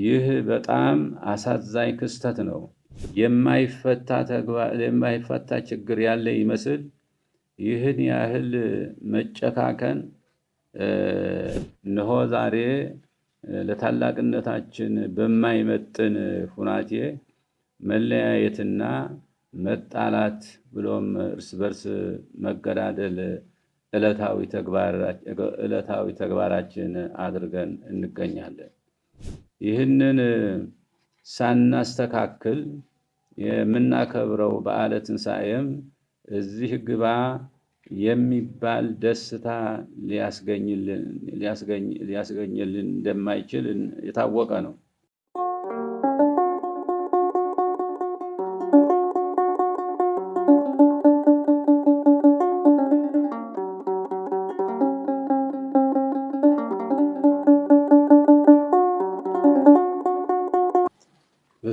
ይህ በጣም አሳዛኝ ክስተት ነው። የማይፈታ ችግር ያለ ይመስል ይህን ያህል መጨካከን እንሆ ዛሬ ለታላቅነታችን በማይመጥን ሁናቴ መለያየትና መጣላት ብሎም እርስ በርስ መገዳደል ዕለታዊ ተግባራችን አድርገን እንገኛለን። ይህንን ሳናስተካክል የምናከብረው በዓለ ትንሣኤም እዚህ ግባ የሚባል ደስታ ሊያስገኝልን እንደማይችል የታወቀ ነው።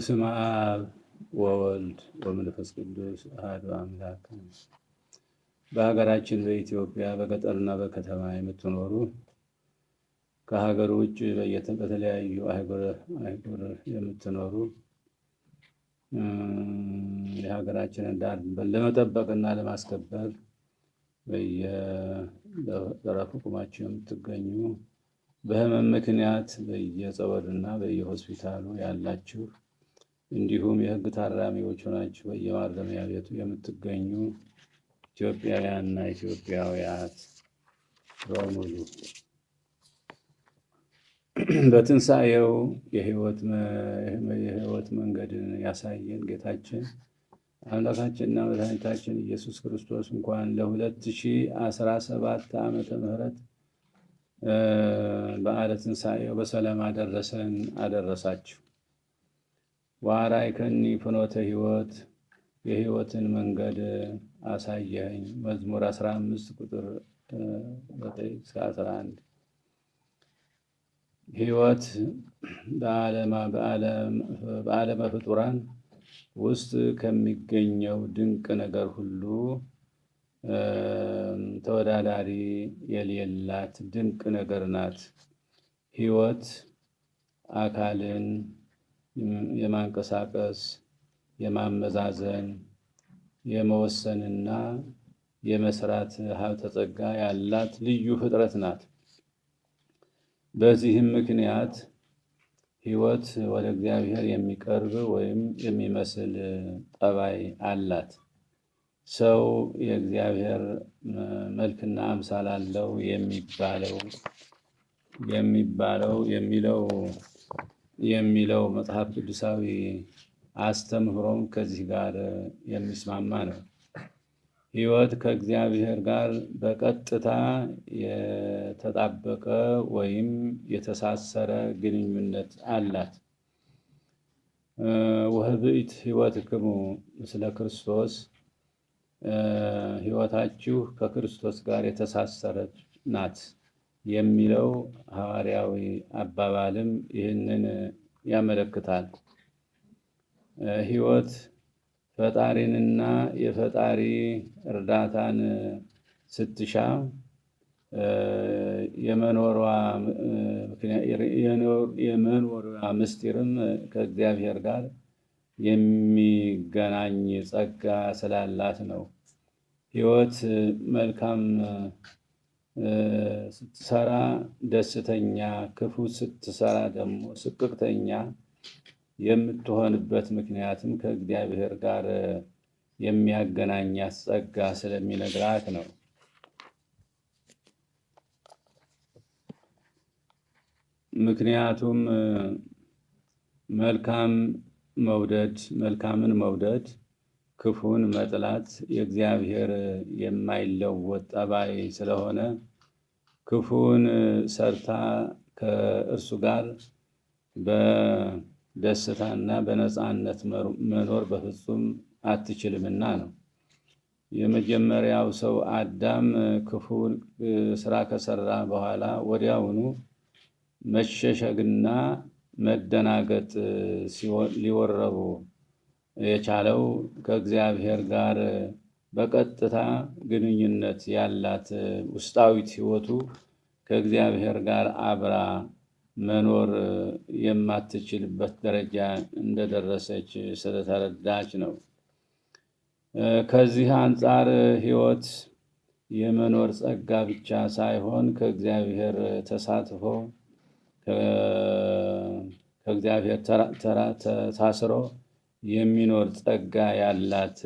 በስመ አብ ወወልድ ወመንፈስ ቅዱስ አሐዱ አምላክ። በሀገራችን በኢትዮጵያ በገጠርና በከተማ የምትኖሩ ከሀገር ውጭ በተለያዩ አህጉር የምትኖሩ የሀገራችንን ዳር ለመጠበቅና ለማስከበር በየጠረፉ ቁማችሁ የምትገኙ በህመም ምክንያት እና በየሆስፒታሉ ያላችሁ እንዲሁም የህግ ታራሚዎች ሆናችሁ በየማረሚያ ቤቱ የምትገኙ ኢትዮጵያውያንና ኢትዮጵያውያት በሙሉ በትንሣኤው የህይወት መንገድን ያሳየን ጌታችን አምላካችንና መድኃኒታችን ኢየሱስ ክርስቶስ እንኳን ለ2017 ዓመተ ምህረት በዓለ ትንሣኤው በሰላም አደረሰን አደረሳችሁ። ዋራይ ከኒ ፍኖተ ህይወት የህይወትን መንገድ አሳየኝ። መዝሙር 15 ቁጥር 9 እስከ 11 ህይወት በዓለመ ፍጡራን ውስጥ ከሚገኘው ድንቅ ነገር ሁሉ ተወዳዳሪ የሌላት ድንቅ ነገር ናት። ህይወት አካልን የማንቀሳቀስ የማመዛዘን የመወሰንና የመስራት ሀብተ ጸጋ ያላት ልዩ ፍጥረት ናት። በዚህም ምክንያት ሕይወት ወደ እግዚአብሔር የሚቀርብ ወይም የሚመስል ጠባይ አላት። ሰው የእግዚአብሔር መልክና አምሳል አለው የሚባለው የሚባለው የሚለው የሚለው መጽሐፍ ቅዱሳዊ አስተምህሮም ከዚህ ጋር የሚስማማ ነው። ሕይወት ከእግዚአብሔር ጋር በቀጥታ የተጣበቀ ወይም የተሳሰረ ግንኙነት አላት። ውህብት ህይወት ክሙ ስለ ክርስቶስ፣ ሕይወታችሁ ከክርስቶስ ጋር የተሳሰረች ናት። የሚለው ሐዋርያዊ አባባልም ይህንን ያመለክታል። ሕይወት ፈጣሪንና የፈጣሪ እርዳታን ስትሻ የመኖሯ ምስጢርም ከእግዚአብሔር ጋር የሚገናኝ ጸጋ ስላላት ነው። ሕይወት መልካም ስትሰራ ደስተኛ፣ ክፉ ስትሰራ ደግሞ ስቅቅተኛ የምትሆንበት ምክንያትም ከእግዚአብሔር ጋር የሚያገናኛት ጸጋ ስለሚነግራት ነው። ምክንያቱም መልካም መውደድ መልካምን መውደድ ክፉን መጥላት የእግዚአብሔር የማይለወጥ ጠባይ ስለሆነ ክፉን ሰርታ ከእርሱ ጋር በደስታና በነፃነት መኖር በፍጹም አትችልምና ነው። የመጀመሪያው ሰው አዳም ክፉ ስራ ከሰራ በኋላ ወዲያውኑ መሸሸግና መደናገጥ ሊወረቡ የቻለው ከእግዚአብሔር ጋር በቀጥታ ግንኙነት ያላት ውስጣዊት ህይወቱ ከእግዚአብሔር ጋር አብራ መኖር የማትችልበት ደረጃ እንደደረሰች ስለተረዳች ነው። ከዚህ አንጻር ህይወት የመኖር ጸጋ ብቻ ሳይሆን ከእግዚአብሔር ተሳትፎ ከእግዚአብሔር ተሳስሮ የሚኖር ጸጋ ያላት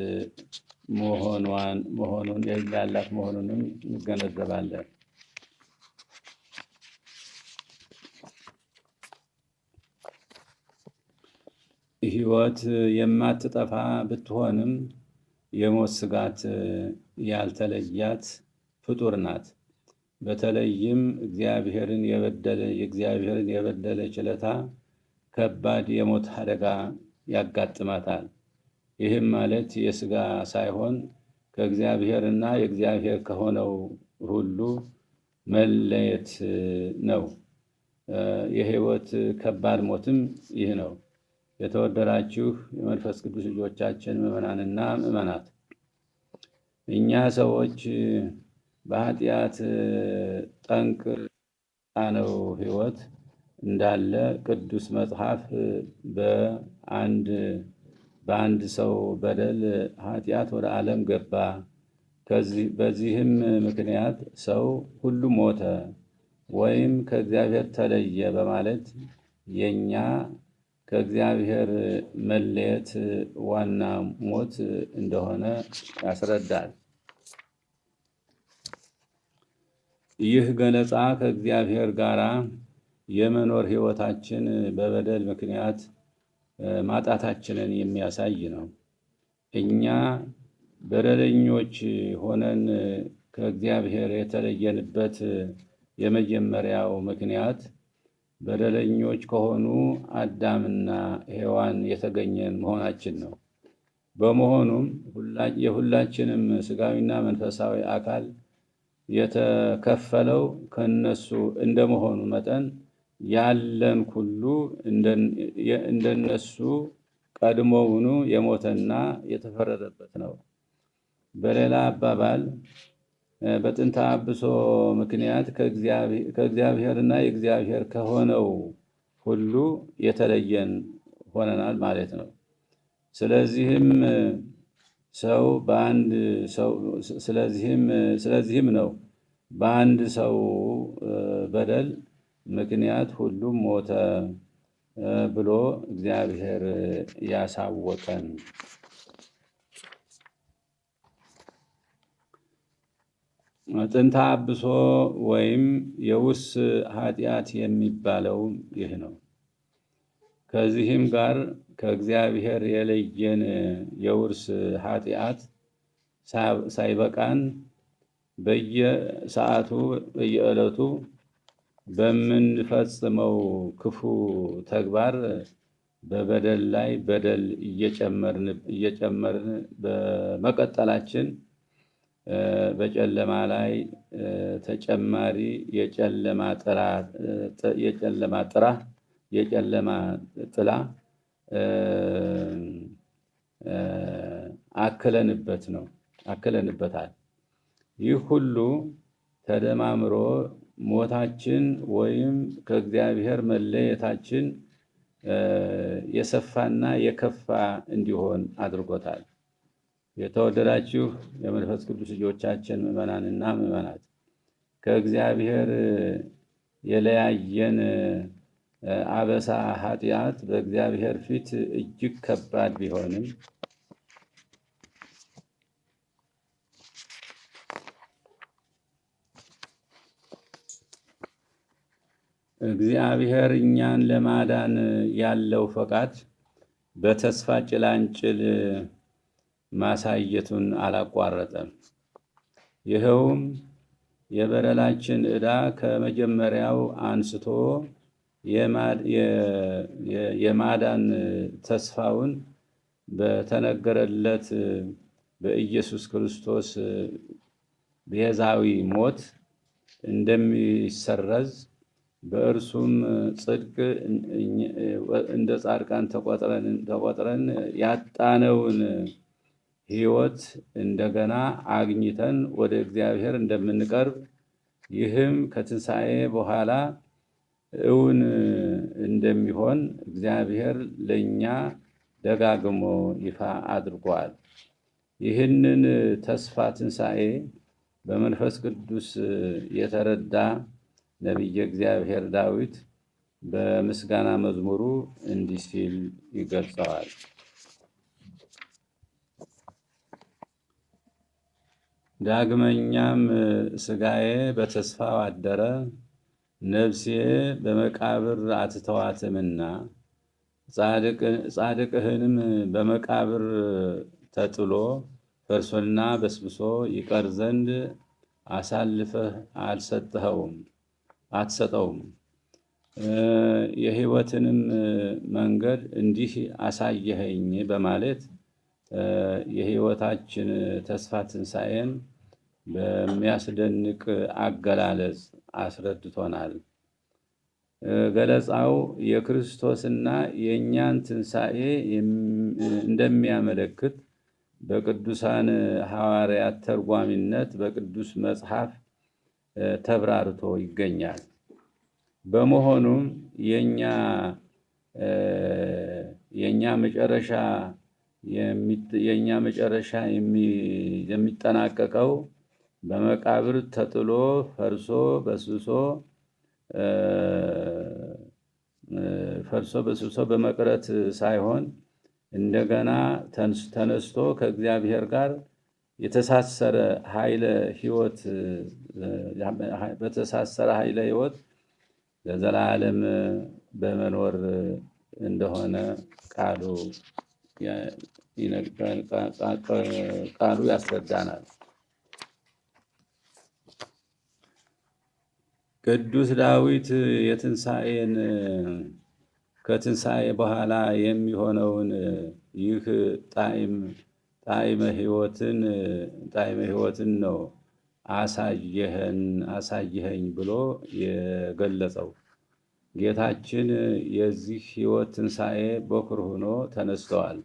መሆኗን መሆኑን ያላት መሆኑንም እንገነዘባለን። ሕይወት የማትጠፋ ብትሆንም የሞት ስጋት ያልተለያት ፍጡር ናት። በተለይም እግዚአብሔርን የበደለ የእግዚአብሔርን የበደለ ችለታ ከባድ የሞት አደጋ ያጋጥማታል። ይህም ማለት የስጋ ሳይሆን ከእግዚአብሔርና የእግዚአብሔር ከሆነው ሁሉ መለየት ነው። የህይወት ከባድ ሞትም ይህ ነው። የተወደዳችሁ የመንፈስ ቅዱስ ልጆቻችን ምዕመናንና ምዕመናት እኛ ሰዎች በኃጢአት ጠንቅ ነው ህይወት እንዳለ ቅዱስ መጽሐፍ በአንድ በአንድ ሰው በደል ኃጢአት ወደ ዓለም ገባ። በዚህም ምክንያት ሰው ሁሉ ሞተ ወይም ከእግዚአብሔር ተለየ በማለት የእኛ ከእግዚአብሔር መለየት ዋና ሞት እንደሆነ ያስረዳል። ይህ ገለጻ ከእግዚአብሔር ጋር የመኖር ሕይወታችን በበደል ምክንያት ማጣታችንን የሚያሳይ ነው። እኛ በደለኞች ሆነን ከእግዚአብሔር የተለየንበት የመጀመሪያው ምክንያት በደለኞች ከሆኑ አዳምና ሔዋን የተገኘን መሆናችን ነው። በመሆኑም የሁላችንም ስጋዊና መንፈሳዊ አካል የተከፈለው ከነሱ እንደመሆኑ መጠን ያለን ሁሉ እንደነሱ ቀድሞውኑ የሞተና የተፈረደበት ነው። በሌላ አባባል በጥንተ አብሶ ምክንያት ከእግዚአብሔርና የእግዚአብሔር ከሆነው ሁሉ የተለየን ሆነናል ማለት ነው። ስለዚህም ሰው በአንድ ሰው ስለዚህም ነው በአንድ ሰው በደል ምክንያት ሁሉም ሞተ ብሎ እግዚአብሔር ያሳወቀን ጥንታ አብሶ ወይም የውስ ኃጢአት የሚባለው ይህ ነው። ከዚህም ጋር ከእግዚአብሔር የለየን የውርስ ኃጢአት ሳይበቃን በየሰዓቱ በየዕለቱ በምንፈጽመው ክፉ ተግባር በበደል ላይ በደል እየጨመርን በመቀጠላችን በጨለማ ላይ ተጨማሪ የጨለማ ጥላ የጨለማ ጥላ አክለንበት ነው አክለንበታል። ይህ ሁሉ ተደማምሮ ሞታችን ወይም ከእግዚአብሔር መለየታችን የሰፋና የከፋ እንዲሆን አድርጎታል። የተወደዳችሁ የመንፈስ ቅዱስ ልጆቻችን ምዕመናንና ምዕመናት ከእግዚአብሔር የለያየን አበሳ ኃጢአት በእግዚአብሔር ፊት እጅግ ከባድ ቢሆንም እግዚአብሔር እኛን ለማዳን ያለው ፈቃድ በተስፋ ጭላንጭል ማሳየቱን አላቋረጠም። ይኸውም የበደላችን ዕዳ ከመጀመሪያው አንስቶ የማዳን ተስፋውን በተነገረለት በኢየሱስ ክርስቶስ ቤዛዊ ሞት እንደሚሰረዝ በእርሱም ጽድቅ እንደ ጻድቃን ተቆጥረን ያጣነውን ሕይወት እንደገና አግኝተን ወደ እግዚአብሔር እንደምንቀርብ ይህም ከትንሣኤ በኋላ እውን እንደሚሆን እግዚአብሔር ለእኛ ደጋግሞ ይፋ አድርጓል። ይህንን ተስፋ ትንሣኤ በመንፈስ ቅዱስ የተረዳ ነቢየ እግዚአብሔር ዳዊት በምስጋና መዝሙሩ እንዲህ ሲል ይገልጸዋል። ዳግመኛም ስጋዬ በተስፋ አደረ፣ ነፍሴ በመቃብር አትተዋትምና ጻድቅህንም በመቃብር ተጥሎ ፈርሶና በስብሶ ይቀር ዘንድ አሳልፈህ አልሰጥኸውም። አትሰጠውም። የህይወትንም መንገድ እንዲህ አሳየኸኝ በማለት የህይወታችን ተስፋ ትንሣኤን በሚያስደንቅ አገላለጽ አስረድቶናል። ገለጻው የክርስቶስና የእኛን ትንሣኤ እንደሚያመለክት በቅዱሳን ሐዋርያት ተርጓሚነት በቅዱስ መጽሐፍ ተብራርቶ ይገኛል። በመሆኑም የኛ መጨረሻ የኛ መጨረሻ የሚጠናቀቀው በመቃብር ተጥሎ ፈርሶ በስሶ ፈርሶ በስብሶ በመቅረት ሳይሆን እንደገና ተነስቶ ከእግዚአብሔር ጋር የተሳሰረ ኃይለ ሕይወት በተሳሰረ ኃይለ ሕይወት ለዘላለም በመኖር እንደሆነ ቃሉ ቃሉ ያስረዳናል። ቅዱስ ዳዊት የትንሣኤን ከትንሣኤ በኋላ የሚሆነውን ይህ ጣዕመ ሕይወትን ነው አሳየህን አሳየኸኝ ብሎ የገለጸው ጌታችን የዚህ ሕይወት ትንሣኤ በኩር ሆኖ ተነስተዋል።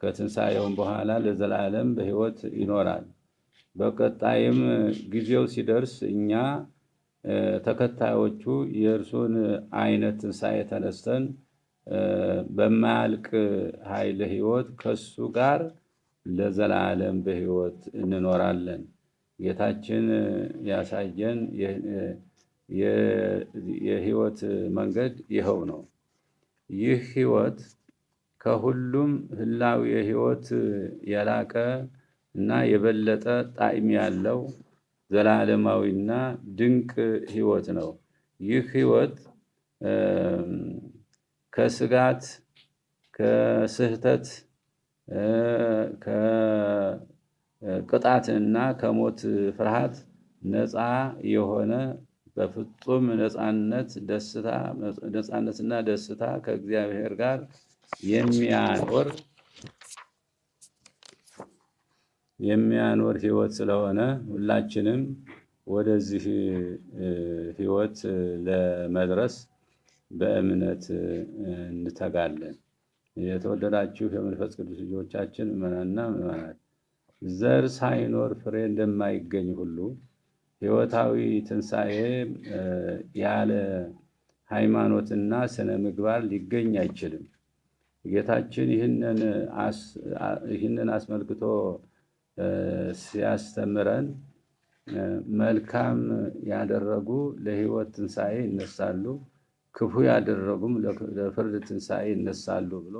ከትንሣኤውም በኋላ ለዘላለም በሕይወት ይኖራል። በቀጣይም ጊዜው ሲደርስ እኛ ተከታዮቹ የእርሱን አይነት ትንሣኤ ተነስተን በማያልቅ ኃይለ ሕይወት ከሱ ጋር ለዘላለም በሕይወት እንኖራለን። ጌታችን ያሳየን የህይወት መንገድ ይኸው ነው። ይህ ህይወት ከሁሉም ህላዊ የህይወት የላቀ እና የበለጠ ጣዕም ያለው ዘላለማዊና ድንቅ ህይወት ነው። ይህ ህይወት ከስጋት፣ ከስህተት፣ ቅጣትና ከሞት ፍርሃት ነፃ የሆነ በፍጹም ነፃነት ነፃነትና ደስታ ከእግዚአብሔር ጋር የሚያኖር የሚያኖር ህይወት ስለሆነ ሁላችንም ወደዚህ ህይወት ለመድረስ በእምነት እንተጋለን። የተወደዳችሁ የመንፈስ ቅዱስ ልጆቻችን ምዕመናንና ምዕመናት ዘር ሳይኖር ፍሬ እንደማይገኝ ሁሉ ሕይወታዊ ትንሣኤ ያለ ሃይማኖትና ስነ ምግባር ሊገኝ አይችልም። ጌታችን ይህንን አስመልክቶ ሲያስተምረን መልካም ያደረጉ ለሕይወት ትንሣኤ ይነሳሉ፣ ክፉ ያደረጉም ለፍርድ ትንሣኤ ይነሳሉ ብሎ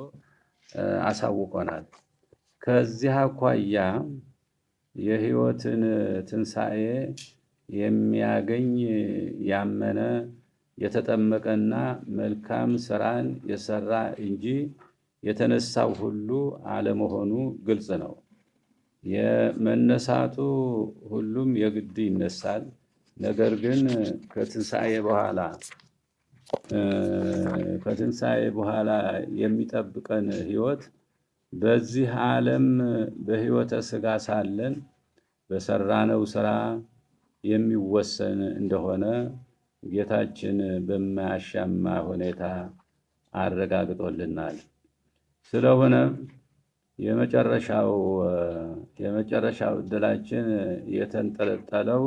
አሳውቆናል። ከዚህ አኳያ የሕይወትን ትንሣኤ የሚያገኝ ያመነ የተጠመቀና መልካም ስራን የሰራ እንጂ የተነሳው ሁሉ አለመሆኑ ግልጽ ነው። የመነሳቱ ሁሉም የግድ ይነሳል። ነገር ግን ከትንሣኤ በኋላ ከትንሣኤ በኋላ የሚጠብቀን ሕይወት በዚህ ዓለም በሕይወተ ሥጋ ሳለን በሰራነው ሥራ የሚወሰን እንደሆነ ጌታችን በማያሻማ ሁኔታ አረጋግጦልናል። ስለሆነም የመጨረሻው የመጨረሻው ዕድላችን የተንጠለጠለው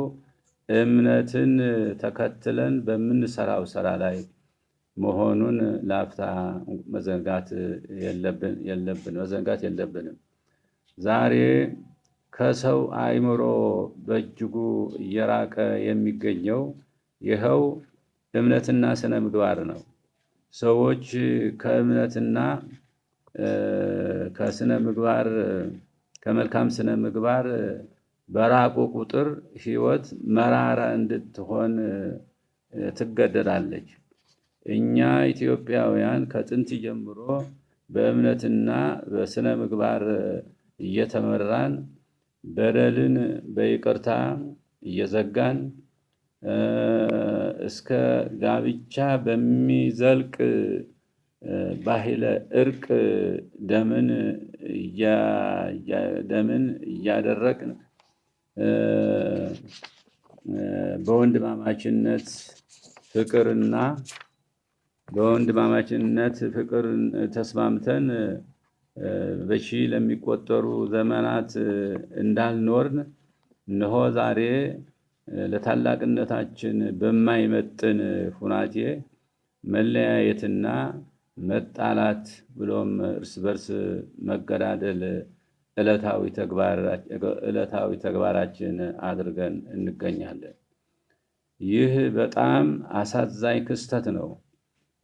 እምነትን ተከትለን በምንሰራው ሥራ ላይ መሆኑን ላፍታ መዘንጋት የለብን መዘንጋት የለብንም። ዛሬ ከሰው አእምሮ በእጅጉ እየራቀ የሚገኘው ይኸው እምነትና ስነ ምግባር ነው። ሰዎች ከእምነትና ከስነ ምግባር ከመልካም ስነ ምግባር በራቁ ቁጥር ሕይወት መራራ እንድትሆን ትገደዳለች። እኛ ኢትዮጵያውያን ከጥንት ጀምሮ በእምነትና በስነ ምግባር እየተመራን በደልን በይቅርታ እየዘጋን እስከ ጋብቻ በሚዘልቅ ባህለ እርቅ ደምን ደምን እያደረቅን በወንድማማችነት ፍቅርና በወንድማማችነት ፍቅር ተስማምተን በሺ ለሚቆጠሩ ዘመናት እንዳልኖርን እነሆ ዛሬ ለታላቅነታችን በማይመጥን ሁናቴ መለያየትና መጣላት ብሎም እርስ በርስ መገዳደል ዕለታዊ ተግባራችን አድርገን እንገኛለን። ይህ በጣም አሳዛኝ ክስተት ነው።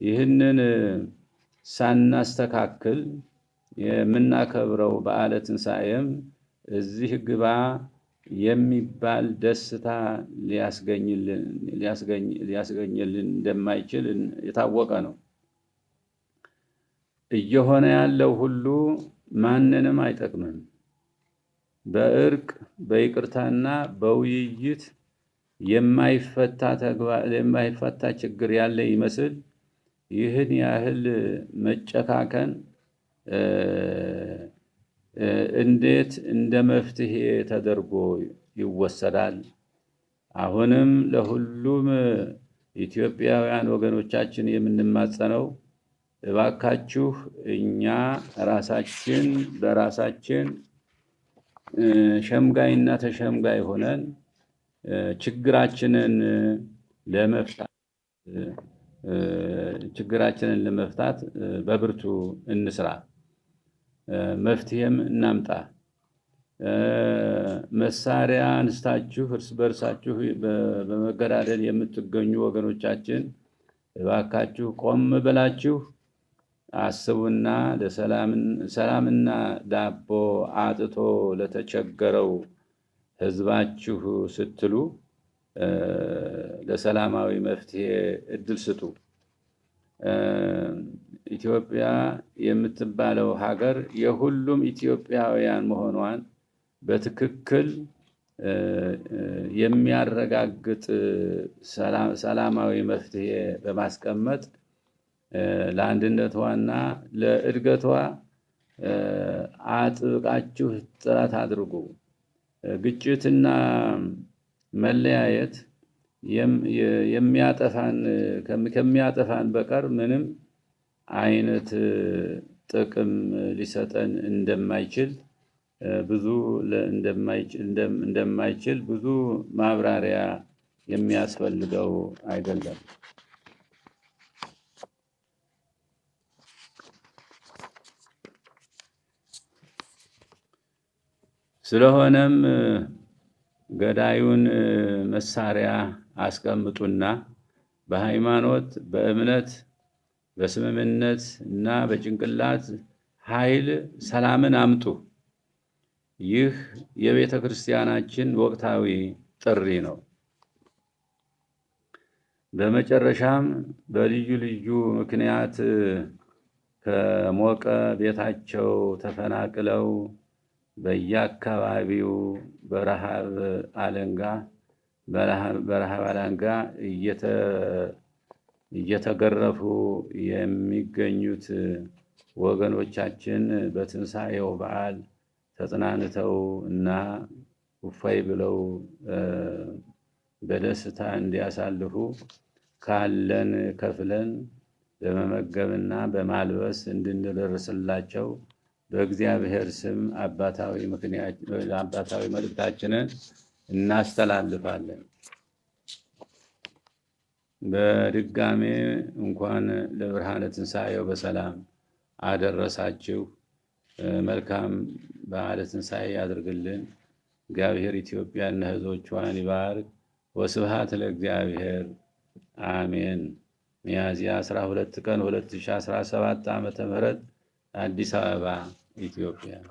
ይህንን ሳናስተካክል የምናከብረው በዓለ ትንሣኤም እዚህ ግባ የሚባል ደስታ ሊያስገኝልን እንደማይችል የታወቀ ነው። እየሆነ ያለው ሁሉ ማንንም አይጠቅምም። በእርቅ በይቅርታና በውይይት የማይፈታ ችግር ያለ ይመስል ይህን ያህል መጨካከን እንዴት እንደ መፍትሄ ተደርጎ ይወሰዳል? አሁንም ለሁሉም ኢትዮጵያውያን ወገኖቻችን የምንማጸነው እባካችሁ እኛ ራሳችን በራሳችን ሸምጋይና ተሸምጋይ ሆነን ችግራችንን ለመፍታት ችግራችንን ለመፍታት በብርቱ እንስራ፣ መፍትሄም እናምጣ። መሳሪያ አንስታችሁ እርስ በእርሳችሁ በመገዳደል የምትገኙ ወገኖቻችን እባካችሁ ቆም ብላችሁ አስቡና ሰላምና ዳቦ አጥቶ ለተቸገረው ሕዝባችሁ ስትሉ ለሰላማዊ መፍትሄ እድል ስጡ። ኢትዮጵያ የምትባለው ሀገር የሁሉም ኢትዮጵያውያን መሆኗን በትክክል የሚያረጋግጥ ሰላማዊ መፍትሄ በማስቀመጥ ለአንድነቷና ለእድገቷ አጥብቃችሁ ጥረት አድርጉ። ግጭትና መለያየት የሚያጠፋን ከሚያጠፋን በቀር ምንም አይነት ጥቅም ሊሰጠን እንደማይችል ብዙ እንደማይችል ብዙ ማብራሪያ የሚያስፈልገው አይደለም። ስለሆነም ገዳዩን መሳሪያ አስቀምጡና በሃይማኖት በእምነት በስምምነት እና በጭንቅላት ኃይል ሰላምን አምጡ። ይህ የቤተ ክርስቲያናችን ወቅታዊ ጥሪ ነው። በመጨረሻም በልዩ ልዩ ምክንያት ከሞቀ ቤታቸው ተፈናቅለው በየአካባቢው በረሃብ አለንጋ በረሃብ አለንጋ እየተገረፉ የሚገኙት ወገኖቻችን በትንሣኤው በዓል ተጽናንተው እና እፎይ ብለው በደስታ እንዲያሳልፉ ካለን ከፍለን በመመገብና በማልበስ እንድንደርስላቸው በእግዚአብሔር ስም አባታዊ መልእክታችንን እናስተላልፋለን። በድጋሜ እንኳን ለብርሃነ ትንሣኤው በሰላም አደረሳችሁ። መልካም በዓለ ትንሣኤ ያድርግልን። እግዚአብሔር ኢትዮጵያና ሕዝቦቿን ይባርክ። ወስብሃት ለእግዚአብሔር አሜን። ሚያዝያ 12 ቀን 2017 ዓ ም አዲስ አበባ Etiyopya.